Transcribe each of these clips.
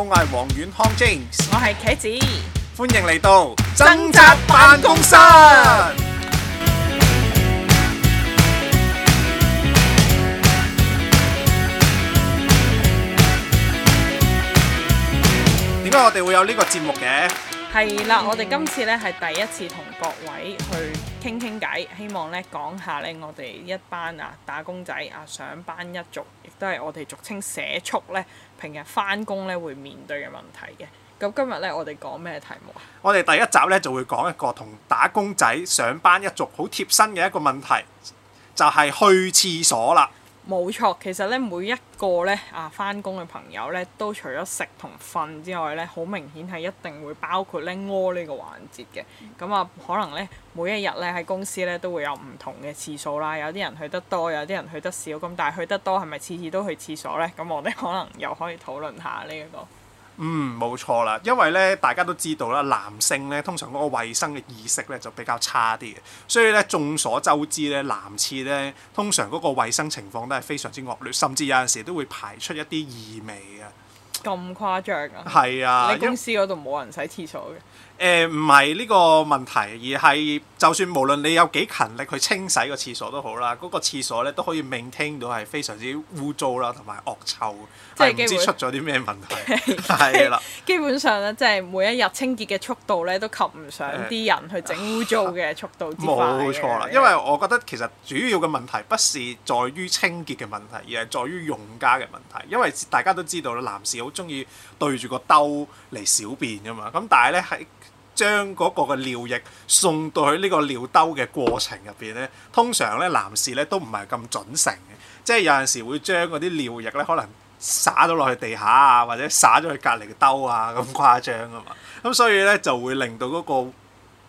我係黃遠康 James，我係茄子，歡迎嚟到掙扎辦公室。點解我哋會有呢個節目嘅？係啦，嗯、我哋今次咧係第一次同各位去傾傾偈，希望咧講下咧我哋一班啊打工仔啊上班一族，亦都係我哋俗稱社畜咧，平日翻工咧會面對嘅問題嘅。咁今日咧我哋講咩題目啊？我哋第一集咧就會講一個同打工仔上班一族好貼身嘅一個問題，就係、是、去廁所啦。冇錯，其實咧每一個咧啊返工嘅朋友咧，都除咗食同瞓之外咧，好明顯係一定會包括咧屙呢個環節嘅。咁啊、嗯，嗯嗯、可能咧每一日咧喺公司咧都會有唔同嘅次數啦。有啲人去得多，有啲人去得少。咁但係去得多係咪次次都去廁所咧？咁我哋可能又可以討論下呢、這、一個。嗯，冇錯啦，因為咧，大家都知道啦，男性咧，通常嗰個衛生嘅意識咧就比較差啲嘅，所以咧，眾所周知咧，男廁咧，通常嗰個衛生情況都係非常之惡劣，甚至有陣時都會排出一啲異味嘅。咁誇張啊？係啊，你公司嗰度冇人洗廁所嘅？誒，唔係呢個問題，而係就算無論你有幾勤力去清洗個廁所都好啦，嗰個廁所咧都可以 maintain 到係非常之污糟啦，同埋惡臭，即啊唔知出咗啲咩問題，係啦。基本上咧，即係每一日清潔嘅速度咧都及唔上啲人去整污糟嘅速度之。冇錯啦，因為我覺得其實主要嘅問題不是在於清潔嘅問題，而係在於用家嘅問題，因為大家都知道咧，男士好中意對住個兜嚟小便㗎嘛。咁但係咧喺將嗰個嘅尿液送到去呢個尿兜嘅過程入邊咧，通常咧男士咧都唔係咁準成嘅，即係有陣時會將嗰啲尿液咧可能灑咗落去地下啊，或者灑咗去隔離嘅兜啊，咁誇張啊嘛，咁所以呢，就會令到嗰個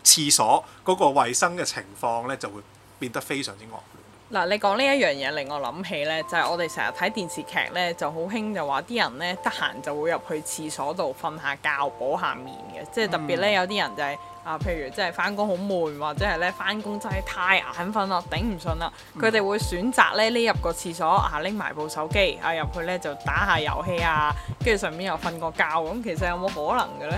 廁所嗰個衞生嘅情況呢，就會變得非常之惡劣。嗱，你講呢一樣嘢令我諗起呢，就係、是、我哋成日睇電視劇呢，就好興就話啲人呢得閒就會入去廁所度瞓下覺補下眠嘅，即係特別呢，嗯、有啲人就係、是、啊，譬如即係返工好悶或者係呢返工真係太眼瞓啦，頂唔順啦，佢哋、嗯、會選擇呢，匿入個廁所啊拎埋部手機啊入去呢，就打下遊戲啊，跟住上面又瞓個覺咁、啊，其實有冇可能嘅呢？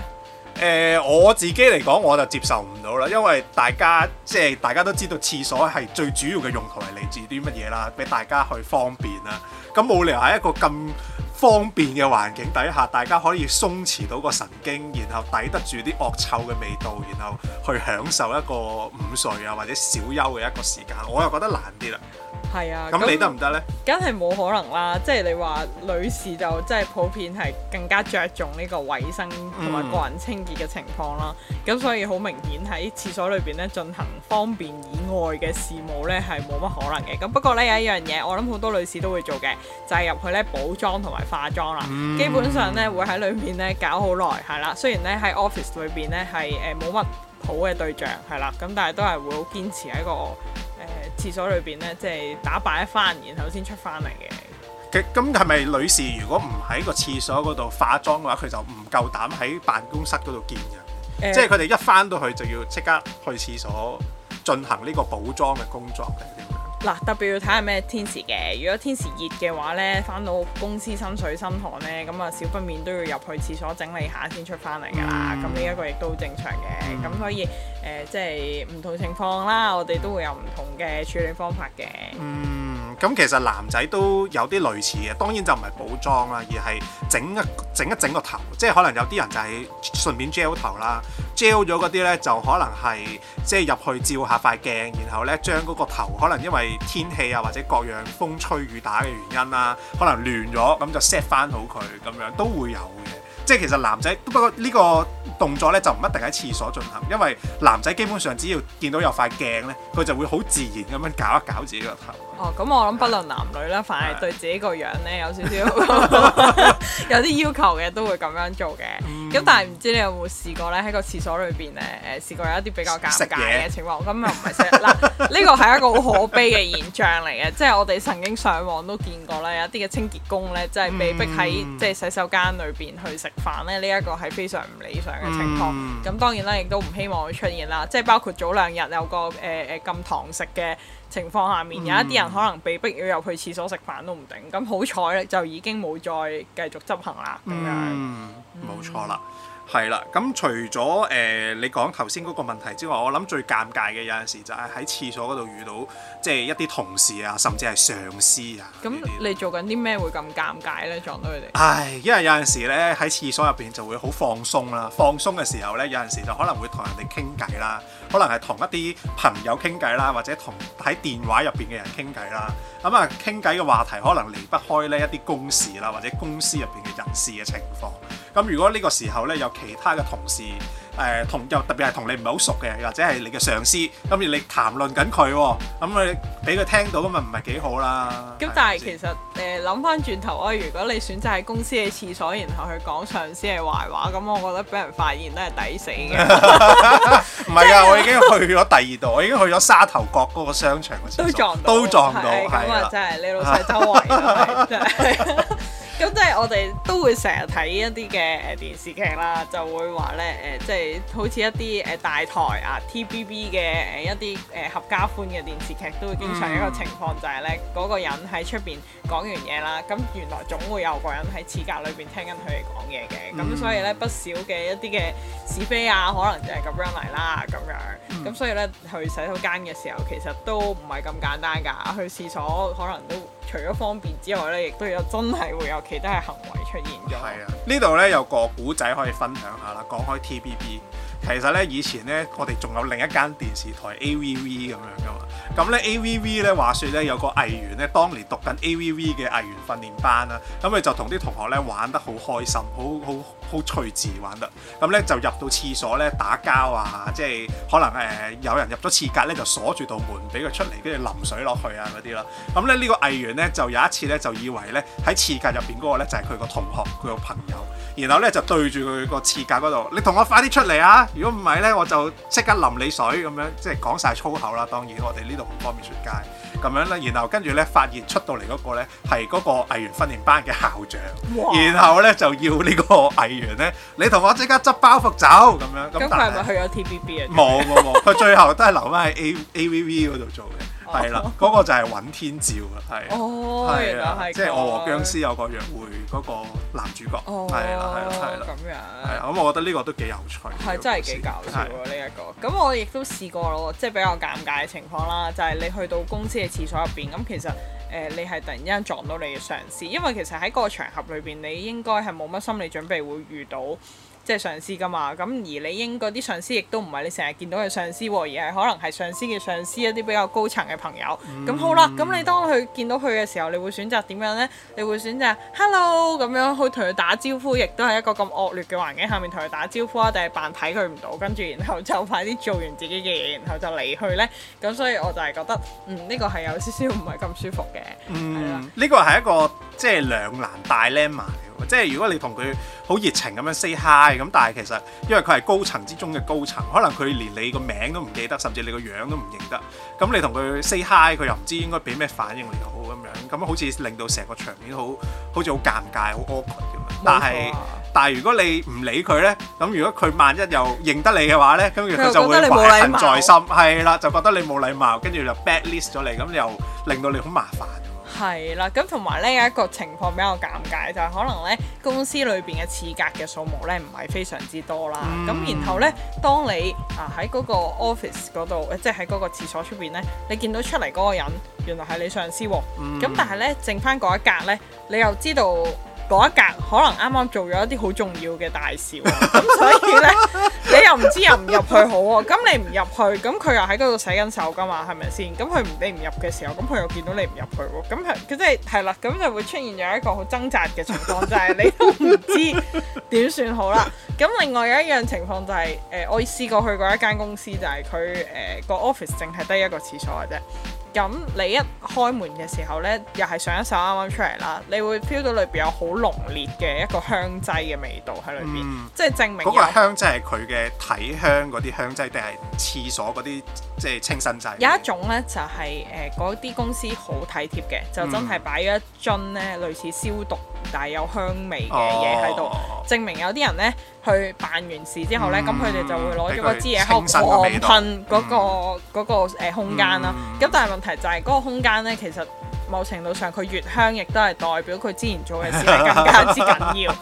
誒、呃、我自己嚟講我就接受唔到啦，因為大家即係大家都知道廁所係最主要嘅用途係嚟自啲乜嘢啦，俾大家去方便啦。咁冇理由喺一個咁方便嘅環境底下，大家可以鬆弛到個神經，然後抵得住啲惡臭嘅味道，然後去享受一個午睡啊或者小休嘅一個時間，我又覺得難啲啦。係啊，咁你得唔得呢？梗係冇可能啦，即係你話女士就即係普遍係更加着重呢個衞生同埋個人清潔嘅情況啦。咁、嗯、所以好明顯喺廁所裏邊咧進行方便以外嘅事務呢係冇乜可能嘅。咁不過呢，有一樣嘢我諗好多女士都會做嘅，就係入去呢補妝同埋化妝啦。嗯、基本上呢，會喺裏面呢搞好耐係啦。雖然呢，喺 office 裏邊呢係誒冇乜好嘅對象係啦，咁但係都係會好堅持喺一個。廁所裏邊咧，即係打扮一番，然後先出翻嚟嘅。咁係咪女士如果唔喺個廁所嗰度化妝嘅話，佢就唔夠膽喺辦公室嗰度見人。欸、即係佢哋一翻到去就要即刻去廁所進行呢個補妝嘅工作嘅，點樣、呃？嗱，特別要睇下咩天時嘅。如果天時熱嘅話咧，翻到公司心水心寒咧，咁啊少不免都要入去廁所整理下先出翻嚟㗎啦。咁呢一個亦都正常嘅。咁、嗯、所以。誒、呃，即係唔同情況啦，我哋都會有唔同嘅處理方法嘅、嗯。嗯，咁其實男仔都有啲類似嘅，當然就唔係補妝啦，而係整一整一整個頭，即係可能有啲人就係順便 gel 頭啦，gel 咗嗰啲呢，就可能係即係入去照下塊鏡，然後呢將嗰個頭可能因為天氣啊或者各樣風吹雨打嘅原因啦，可能亂咗，咁就 set 翻好佢，咁樣都會有嘅。即係其實男仔，不過呢個動作呢，就唔一定喺廁所進行，因為男仔基本上只要見到有塊鏡呢，佢就會好自然咁樣搞一搞自己個頭。哦，咁我諗不論男女啦，啊、凡係對自己個樣呢，有少少 有啲要求嘅，都會咁樣做嘅。嗯咁、嗯、但係唔知你有冇試過咧，喺個廁所裏邊咧，誒試過有一啲比較尷尬嘅情況，咁又唔係食嗱，呢個係一個好可悲嘅現象嚟嘅，即係我哋曾經上網都見過咧，有一啲嘅清潔工咧，即係被逼喺、嗯、即係洗手間裏邊去食飯咧，呢、這、一個係非常唔理想嘅情況，咁、嗯、當然啦，亦都唔希望佢出現啦，即係包括早兩日有個誒誒、呃、禁堂食嘅。情況下面、嗯、有一啲人可能被逼要入去廁所食飯都唔定，咁好彩呢就已經冇再繼續執行啦。咁樣冇錯啦，係啦、嗯。咁除咗誒、呃、你講頭先嗰個問題之外，我諗最尷尬嘅有陣時就係喺廁所嗰度遇到即係一啲同事啊，甚至係上司啊。咁你做緊啲咩會咁尷尬呢？撞到佢哋？唉，因為有陣時呢喺廁所入邊就會好放鬆啦，放鬆嘅時候呢，有陣時就可能會同人哋傾偈啦。可能係同一啲朋友傾偈啦，或者同喺電話入邊嘅人傾偈啦。咁啊，傾偈嘅話題可能離不開呢一啲公事啦，或者公司入邊嘅人事嘅情況。咁如果呢個時候呢，有其他嘅同事，誒、呃、同又特別係同你唔係好熟嘅，或者係你嘅上司，咁而你談論緊佢喎，咁你俾佢聽到咁咪唔係幾好啦。咁但係是其實誒諗翻轉頭啊，如果你選擇喺公司嘅廁所，然後去講上司嘅壞話，咁我覺得俾人發現都係抵死嘅。唔係㗎，我已經去咗第二度，我已經去咗沙頭角嗰個商場都撞到，都撞到，係啊，真係你老細周圍真係。咁即係我哋都會成日睇一啲嘅誒電視劇啦，就會話咧誒，即、呃、係、就是、好似一啲誒大台啊 TVB 嘅誒、呃、一啲誒、呃、合家歡嘅電視劇，都會經常一個情況就係、是、咧，嗰、那個人喺出邊講完嘢啦，咁原來總會有個人喺廁格裏邊聽緊佢哋講嘢嘅，咁、嗯、所以咧不少嘅一啲嘅是非啊，可能就係咁樣嚟啦咁樣。咁、嗯、所以咧去洗手間嘅時候，其實都唔係咁簡單㗎，去廁所可能都。除咗方便之外咧，亦都有真係會有其他嘅行為出現咗。係啊，呢度咧有個古仔可以分享下啦。講開 TVB，其實咧以前咧，我哋仲有另一間電視台、嗯、AVV 咁樣噶嘛。咁咧 A.V.V 咧話說咧有個藝員咧當年讀緊 A.V.V 嘅藝員訓練班啦，啊，咁、嗯、佢就同啲同學咧玩得好開心，好好好趣致玩得，咁、嗯、咧就入到廁所咧打交啊，即係可能誒、呃、有人入咗廁格咧就鎖住道門唔俾佢出嚟，跟住淋水落去啊嗰啲啦，咁咧、嗯這個、呢個藝員咧就有一次咧就以為咧喺廁格入邊嗰個咧就係佢個同學佢個朋友，然後咧就對住佢個廁格嗰度，你同我快啲出嚟啊！如果唔係咧我就即刻淋你水咁樣，即係講晒粗口啦。當然我哋呢度唔方便出街，咁樣咧，然後跟住咧發現出到嚟嗰個咧係嗰個藝員訓練班嘅校長，哇然後咧就要呢個藝員咧，你同我即刻執包袱走咁樣。咁但係咪是去咗 TVB 啊？冇冇冇，佢 最後都係留翻喺 A A V V 嗰度做嘅。 係啦，嗰、 嗰個就係尹天照啊，係，係啊、哦，即係我和僵屍有個約會嗰個男主角，係啦、哦，係啦，係啦，係咁樣，我覺得呢個都幾有趣，係是真係幾搞笑啊！呢一了、這個咁我亦都試過咯，即係比較尷尬嘅情況啦，就係、是、你去到公司嘅廁所入邊，咁其實誒、呃、你係突然之間撞到你嘅上司，因為其實喺嗰個場合裏邊，你應該係冇乜心理準備會遇到。即係上司噶嘛，咁而你應嗰啲上司亦都唔係你成日見到嘅上，上，上司，而係可能係上司嘅上司一啲比較高層嘅朋友。咁、嗯、好啦，咁你當佢見到佢嘅時候，你會選擇點樣呢？你會選擇 hello 咁樣去同佢打招呼，亦都係一個咁惡劣嘅環境下面同佢打招呼啊？定係扮睇佢唔到，跟住然後就快啲做完自己嘅嘢，然後就離去呢？咁所以我就係覺得，嗯，呢、呢個係有少少唔係咁舒服嘅。嗯，呢個係一個即係兩難大 lemma。即係如果你同佢好熱情咁樣 say hi 咁，但係其實因為佢係高層之中嘅高層，可能佢連你個名都唔記得，甚至你個樣都唔認得。咁你同佢 say hi，佢又唔知應該俾咩反應你好咁樣，咁好似令到成個場面好好似好尷尬、好 awkward 但係、啊、但係如果你唔理佢呢，咁如果佢萬一又認得你嘅話呢，跟住佢就會懷恨在心，係啦，就覺得你冇禮貌，跟住就 blacklist 咗你，咁又令到你好麻煩。係啦，咁同埋咧有呢一個情況比較尷尬，就係、是、可能咧公司裏邊嘅廁格嘅數目咧唔係非常之多啦。咁、嗯、然後咧，當你啊喺嗰個 office 嗰度，即係喺嗰個廁所出邊咧，你見到出嚟嗰個人，原來係你上司喎。咁、嗯、但係咧，剩翻嗰一格咧，你又知道。嗰一格可能啱啱做咗一啲好重要嘅大事、啊，咁所以呢， 你又唔知入唔入去好啊！咁你唔入去，咁佢又喺度洗緊手噶嘛，係咪先？咁佢唔畀你入嘅時候，咁佢又見到你唔入去喎、啊，咁佢即係係啦，咁、就是、就會出現咗一個好掙扎嘅情況，就係、是、你都唔知點算好啦。咁 另外一、就是呃一就是呃、有一樣情況就係，誒，我試過去嗰一間公司就係佢誒個 office 淨係得一個廁所嘅。啫。咁你一開門嘅時候呢，又係上一手啱啱出嚟啦，你會 feel 到裏邊有好濃烈嘅一個香劑嘅味道喺裏邊，嗯、即係證明嗰個香劑係佢嘅體香嗰啲香劑，定係廁所嗰啲即係清新劑。有一種呢，就係誒嗰啲公司好體貼嘅，就真係擺咗一樽呢類似消毒，但係有香味嘅嘢喺度，oh, oh, oh, oh. 證明有啲人呢去辦完事之後呢，咁佢哋就會攞咗、嗯嗰個支嘢去狂噴嗰個嗰個空間啦。咁、嗯、但係問題就係嗰個空間呢，其實某程度上佢越香，亦都係代表佢之前做嘅事係更加之緊要。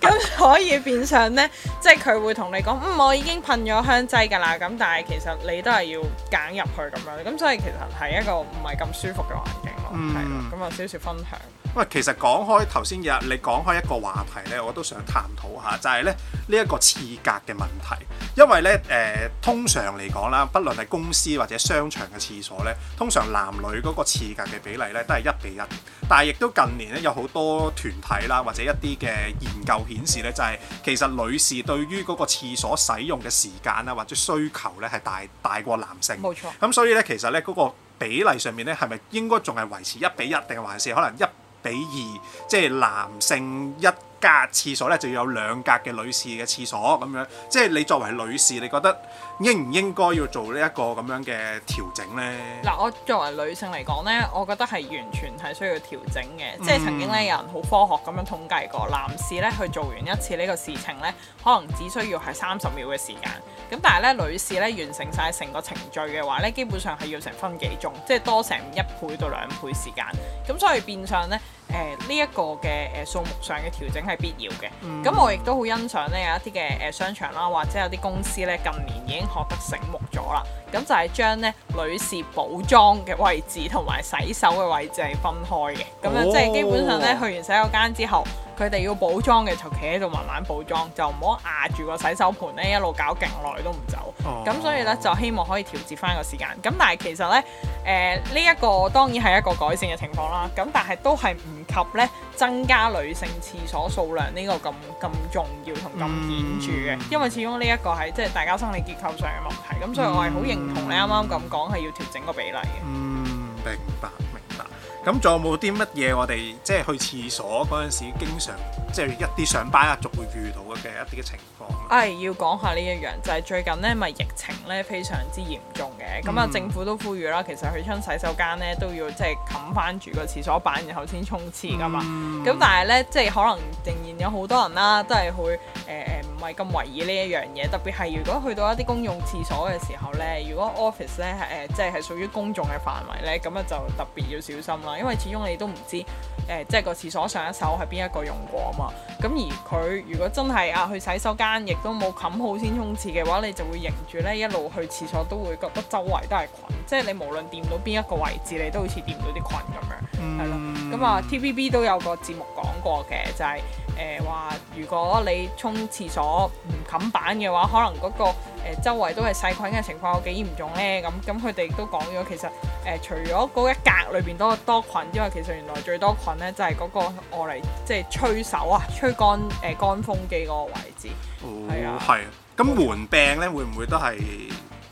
咁 所以變相呢，即係佢會同你講，嗯，我已經噴咗香劑㗎啦。咁但係其實你都係要揀入去咁樣。咁所以其實係一個唔係咁舒服嘅環境咯。係咯、嗯，咁有少少分享。喂，其實講開頭先嘅，你講開一個話題呢，我都想探討下，就係咧呢一個廁格嘅問題。因為呢，誒、呃、通常嚟講啦，不論係公司或者商場嘅廁所呢，通常男女嗰個廁格嘅比例呢都係一比一。但係亦都近年咧有好多團體啦，或者一啲嘅研究顯示呢就係、係、其實女士對於嗰個廁所使用嘅時間啦，或者需求呢係大大過男性。冇錯錯。咁所以呢，其實呢嗰個比例上面呢，係咪應該仲係維持一比一，定還是可能一？比二，即係男性一。隔廁所咧就要有兩格嘅女士嘅廁所咁樣，即係你作為女士，你覺得應唔應該要做呢一個咁樣嘅調整呢？嗱，我作為女性嚟講呢，我覺得係完全係需要調整嘅。即係曾經呢，有人好科學咁樣統計過，嗯、男士呢去做完一次呢個事情呢，可能只需要係三十秒嘅時間。咁但係呢，女士呢完成晒成個程序嘅話呢，基本上係要成分幾鐘，即係多成一倍到兩倍時間。咁所以變相呢，誒呢一個嘅誒、呃、數目上嘅調整係必要嘅，咁、嗯、我亦都好欣賞咧有一啲嘅誒商場啦，或者有啲公司咧近年已經學得醒目咗啦，咁就係將咧女士補妝嘅位置同埋洗手嘅位置係分開嘅，咁樣即係基本上咧去完洗手間之後，佢哋要補妝嘅就企喺度慢慢補妝，就唔好壓住個洗手盤咧一路搞勁耐都唔走，咁、哦、所以咧就希望可以調節翻個時間，咁但係其實咧誒呢一、呃這個當然係一個改善嘅情況啦，咁但係都係唔。及咧增加女性廁所數量，呢個咁咁重要同咁顯著嘅，嗯、因為始終呢一個係即係大家生理結構上嘅問題，咁、嗯、所以我係好認同你啱啱咁講係要調整個比例嘅。嗯，明白明白。咁仲有冇啲乜嘢我哋即係去廁所嗰陣時經常即係一啲上班一、啊、族會遇到嘅一啲嘅情況。唉，要講下呢一樣，就係、是、最近咧，咪疫情咧非常之嚴重嘅。咁啊、嗯，政府都呼籲啦，其實去親洗手間咧都要即係冚翻住個廁所板，然後先沖廁噶嘛。咁、嗯、但係咧，即、就、係、是、可能仍然有好多人啦，都係會誒誒唔係咁為意呢一樣嘢。特別係如果去到一啲公用廁所嘅時候咧，如果 office 咧係誒即係係屬於公眾嘅範圍咧，咁啊就特別要小心啦。因為始終你都唔知誒，即、呃、係、就是、個廁所上一手係邊一個用過啊嘛。咁而佢如果真係啊去洗手間，亦都冇冚好先沖廁嘅話，你就會迎住呢一路去廁所都會覺得周圍都係菌，即係你無論掂到邊一個位置，你都好似掂到啲菌咁樣，係咯、嗯。咁啊 TVB 都有個節目講過嘅，就係誒話，呃、如果你沖廁所嗯冚板嘅話，可能嗰、那個、呃、周圍都係細菌嘅情況有幾嚴重咧？咁咁佢哋都講咗，其實誒、呃、除咗嗰一格裏邊多多菌之外，其實原來最多菌咧就係、是、嗰、那個用嚟即係吹手啊、吹乾誒、呃、乾風機嗰個位置。哦、啊，係、啊。咁門、啊、病咧會唔會都係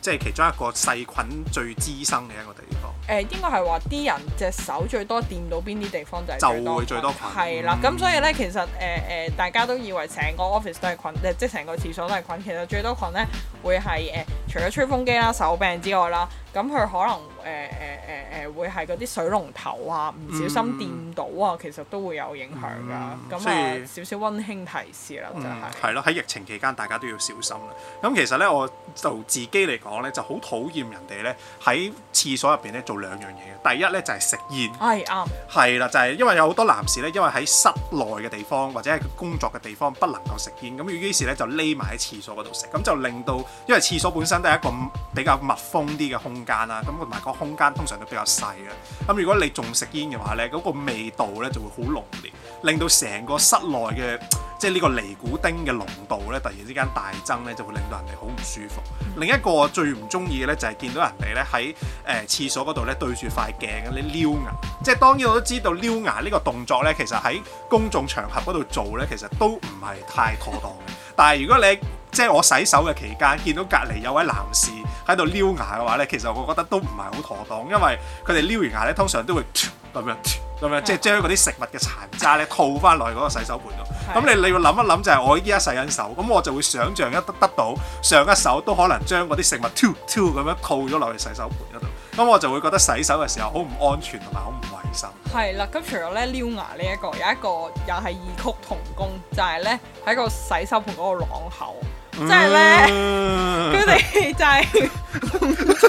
即係其中一個細菌最滋生嘅一個地方？誒、呃、應該係話啲人隻手最多掂到邊啲地方就係最多菌，係啦。咁、嗯、所以咧，其實誒誒、呃呃，大家都以為成個 office 都係菌，誒即係成個廁所都係菌。其實最多菌咧會係誒。呃除咗吹風機啦、手柄之外啦，咁佢可能誒誒誒誒會係嗰啲水龍頭啊，唔小心掂到啊，mm hmm. 其實都會有影響㗎。咁啊，少少溫馨提示啦，就係、是。係咯、mm，喺、hmm. 疫情期間，大家都要小心啦。咁其實咧，我就自己嚟講咧，就好討厭人哋咧喺廁所入邊咧做兩樣嘢。第一咧就係食煙，係啱、哎。係啦，就係、是、因為有好多男士咧，因為喺室內嘅地方或者係工作嘅地方不能夠食煙，咁於是咧就匿埋喺廁所嗰度食，咁就令到因為廁所本身。係一個比較密封啲嘅空間啦，咁同埋個空間通常都比較細嘅。咁如果你仲食煙嘅話呢，嗰個味道呢就會好濃烈，令到成個室內嘅即係呢個尼古丁嘅濃度呢，突然之間大增呢，就會令到人哋好唔舒服。另一個最唔中意嘅呢，就係見到人哋呢喺誒廁所嗰度呢對住塊鏡你撩牙。即係當然我都知道撩牙呢個動作呢，其實喺公眾場合嗰度做呢，其實都唔係太妥當嘅。但係如果你即係我洗手嘅期間，見到隔離有位男士喺度撩牙嘅話呢，其實我覺得都唔係好妥當，因為佢哋撩完牙呢，通常都會咁樣咁樣，即係將嗰啲食物嘅殘渣呢，吐翻落去嗰個洗手盆度。咁你、嗯嗯、你要諗一諗，就係、是、我依家洗緊手，咁我就會想像一得得到上一手都可能將嗰啲食物吐咁樣吐咗落去洗手盆度，咁我就會覺得洗手嘅時候好唔安全同埋好唔衞生。係啦，咁除咗呢撩牙呢、這、一個，有一個又係異曲同工，就係、是、呢，喺個洗手盆嗰個朗口。真係咧，佢哋、啊、就係、是、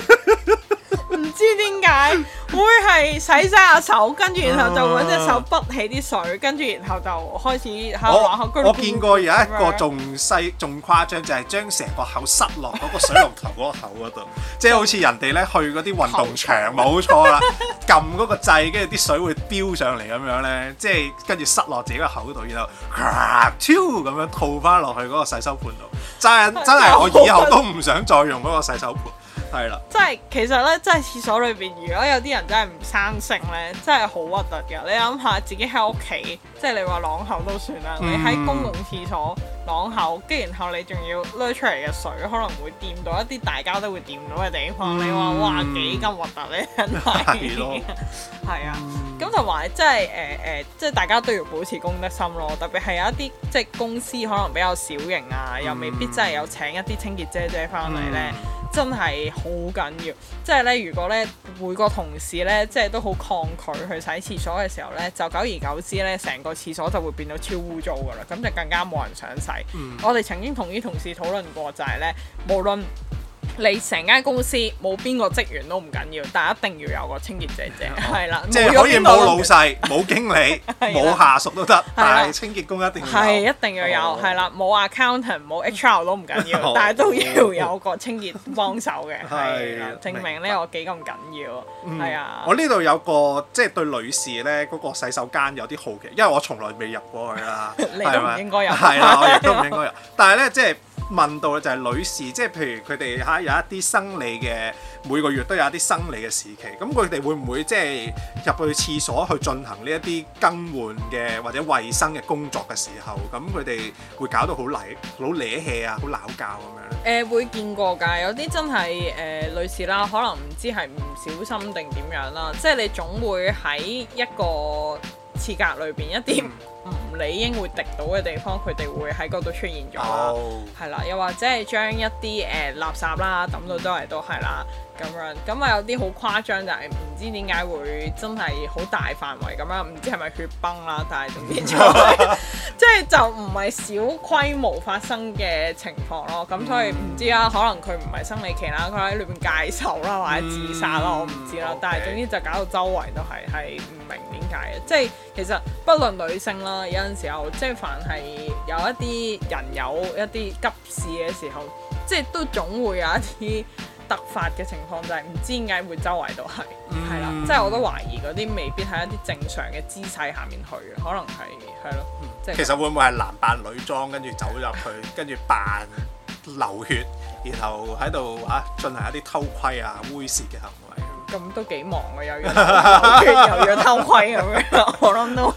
唔 知點解。會係洗晒下手，跟住然後就揾隻手濁起啲水，uh, 跟住然後就開始嚇玩。我我見過有一個仲細仲誇張，就係將成個口塞落嗰個水龍頭嗰個口嗰度， 即係好似人哋咧去嗰啲運動場冇頭錯啦，撳嗰 個掣，跟住啲水會飆上嚟咁樣咧，即係跟住塞落自己個口度，然後咵 two 咁樣套翻落去嗰個洗手盆度，真真係我以後都唔想再用嗰個洗手盆。係啦，即係其實咧，即係廁所裏邊，如果有啲人真係唔生性咧，真係好核突嘅。你諗下自己喺屋企，即係你話朗口都算啦，你喺公共廁所朗口，跟然後你仲要攞出嚟嘅水，可能會掂到一啲大家都會掂到嘅地方。你話哇，幾咁核突咧，真係啊。咁同埋即係誒誒，即係大家都要保持公德心咯。特別係有一啲即係公司可能比較小型啊，又未必真係有請一啲清潔姐姐翻嚟咧。真係好緊要，即係咧，如果咧每個同事咧，即係都好抗拒去洗廁所嘅時候咧，就久而久之咧，成個廁所就會變到超污糟噶啦，咁就更加冇人想洗。嗯、我哋曾經同啲同事討論過，就係咧，無論。你成間公司冇邊個職員都唔緊要，但係一定要有個清潔姐姐，係啦，即係可以冇老細、冇經理、冇下屬都得，但係清潔工一定要係一定要有，係啦，冇 accountant、冇 HR 都唔緊要，但係都要有個清潔幫手嘅，係啦，證明咧我幾咁緊要，係啊。我呢度有個即係對女士咧嗰個洗手間有啲好奇，因為我從來未入過去啦，你都唔應該入，係啊，我亦都唔應該入，但係咧即係。問到嘅就係女士，即係譬如佢哋嚇有一啲生理嘅，每個月都有一啲生理嘅時期。咁佢哋會唔會即係入去廁所去進行呢一啲更換嘅或者衞生嘅工作嘅時候，咁佢哋會搞到好泥好嗲氣啊，好鬧交咁樣咧？誒、呃，會見過㗎，有啲真係誒、呃、女士啦，可能唔知係唔小心定點樣啦。即係你總會喺一個。間隔裏邊一啲唔理應會滴到嘅地方，佢哋會喺嗰度出現咗，係、oh. 啦，又或者係將一啲誒、呃、垃圾啦抌到周圍都係啦，咁樣咁啊，有啲好誇張就係唔知點解會真係好大範圍咁樣，唔知係咪血崩啦，但係總之就即、是、係 就唔係小規模發生嘅情況咯，咁所以唔知啦、啊，可能佢唔係生理期啦，佢喺裏邊 𠝹 手啦，或者自殺咯，我唔知啦，但係總之就搞到周圍都係係唔明。即係其實不論女性啦，有陣時候即係凡係有一啲人有一啲急事嘅時候，即係都總會有一啲突發嘅情況，就係、是、唔知點解會周圍都係，係啦、嗯，即係我都懷疑嗰啲未必係一啲正常嘅姿勢下面去嘅，可能係係咯。嗯、其實會唔會係男扮女裝跟住走入去，跟住 扮流血，然後喺度吓進行一啲偷窺啊猥褻嘅行為？咁都幾忙㗎，又要又要偷窺咁樣，我諗都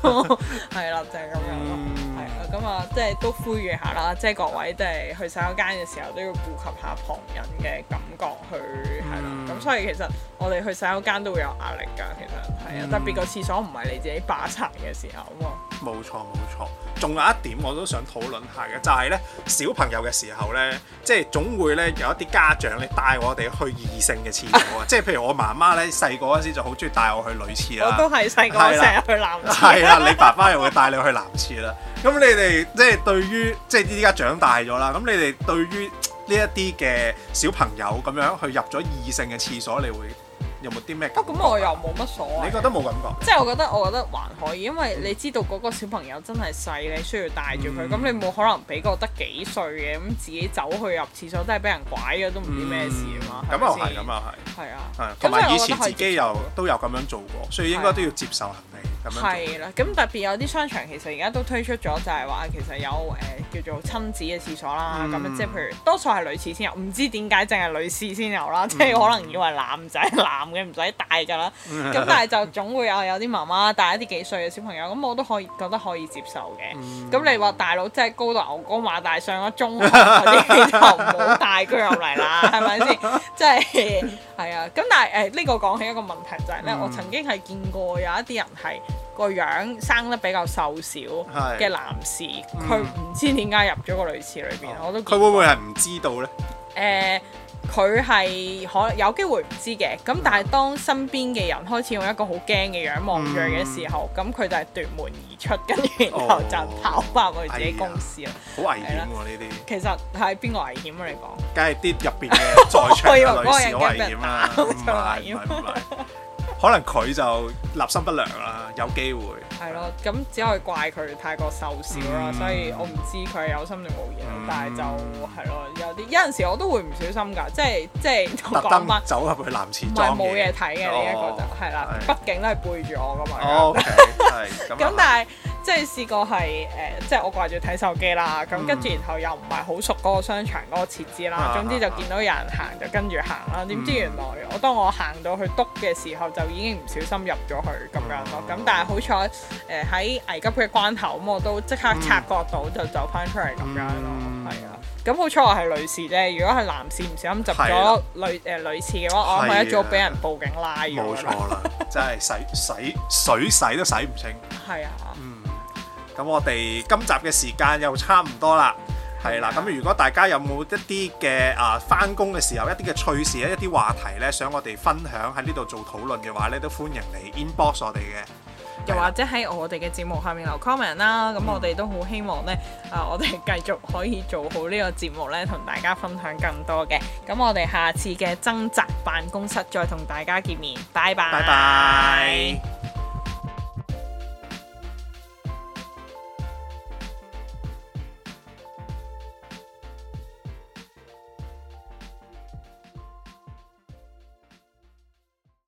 係啦，就係咁樣咯，係啦，咁啊，即係都呼籲下啦，即係各位即係去洗手間嘅時候都要顧及下旁人嘅感覺去，係啦，咁所以其實我哋去洗手間都會有壓力㗎，其實係啊，特別個廁所唔係你自己霸曬嘅時候咁冇錯冇錯，仲有一點我都想討論下嘅，就係呢小朋友嘅時候呢，即係總會呢有一啲家長咧帶我哋去異性嘅廁所 即係譬如我媽媽呢，細個嗰時就好中意帶我去女廁啦，我都係細個成日去男廁，係啦， 啦，你爸爸又會帶你去男廁啦。咁 你哋即係對於即係依家長大咗啦，咁你哋對於呢一啲嘅小朋友咁樣去入咗異性嘅廁所你會？有冇啲咩？咁我又冇乜所謂。你覺得冇感覺？即係我覺得，我覺得還可以，因為你知道嗰個小朋友真係細你需要帶住佢，咁、嗯、你冇可能俾個得幾歲嘅咁自己走去入廁所都，都係俾人拐咗都唔知咩事啊嘛。咁又係，咁又係。係啊。係、啊。同埋以前自己又都有咁樣做過，所以應該都要接受合係啦，咁特別有啲商場其實而家都推出咗，就係話其實有誒、呃、叫做親子嘅廁所啦。咁即係譬如多數係女廁先有，唔知點解淨係女廁先有啦。嗯、即係可能以為男仔 男嘅唔使帶㗎啦。咁 但係就總會有有啲媽媽帶一啲幾歲嘅小朋友，咁我都可以覺得可以接受嘅。咁、嗯、你話大佬即係高到牛高馬大上咗中學嗰啲，就唔好帶佢入嚟啦，係咪先？即係係啊。咁但係誒呢個講起一個問題就係、是、咧、嗯，我曾經係見過有一啲人係。個樣生得比較瘦小嘅男士，佢唔、嗯、知點解入咗個女廁裏邊，哦、我都佢會唔會係唔知道呢？誒、呃，佢係可有機會唔知嘅，咁但係當身邊嘅人開始用一個好驚嘅樣望住佢嘅時候，咁佢、嗯、就係奪門而出，跟住然後就跑翻去自己公司啦。好、哦哎、危險喎、啊！呢啲的些其實係邊個危險啊？你講，梗係啲入邊嘅在場嘅女士好危險、啊 唔係唔係。可能佢就立心不良啦，有機會。係咯，咁只可以怪佢、嗯、太過瘦小啦，所以我唔知佢有心定冇嘢，嗯、但係就係咯，有啲有陣時我都會唔小心㗎，即係即係講乜走入去男廁，唔係冇嘢睇嘅呢一個就係啦，對畢竟都係背住我噶嘛。O K，係咁，但係。即係試過係誒，即係我掛住睇手機啦，咁跟住然後又唔係好熟嗰個商場嗰個設置啦，總之就見到有人行就跟住行啦，點知原來我當我行到去篤嘅時候，就已經唔小心入咗去咁樣咯。咁但係好彩誒喺危急嘅關頭，咁我都即刻察覺到就走翻出嚟咁樣咯。係啊，咁好彩我係女士啫。如果係男士唔小心入咗女誒女廁嘅話，我一早俾人報警拉咗。冇錯啦，真係洗洗水洗都洗唔清。係啊。咁我哋今集嘅時間又差唔多啦，係啦。咁如果大家有冇一啲嘅啊返工嘅時候一啲嘅趣事一啲話題呢，想我哋分享喺呢度做討論嘅話呢，都歡迎嚟 inbox 我哋嘅。又或者喺我哋嘅節目下面留 comment 啦。咁、嗯、我哋都好希望呢，啊我哋繼續可以做好呢個節目呢，同大家分享更多嘅。咁我哋下次嘅掙扎辦公室再同大家見面。拜拜。拜拜。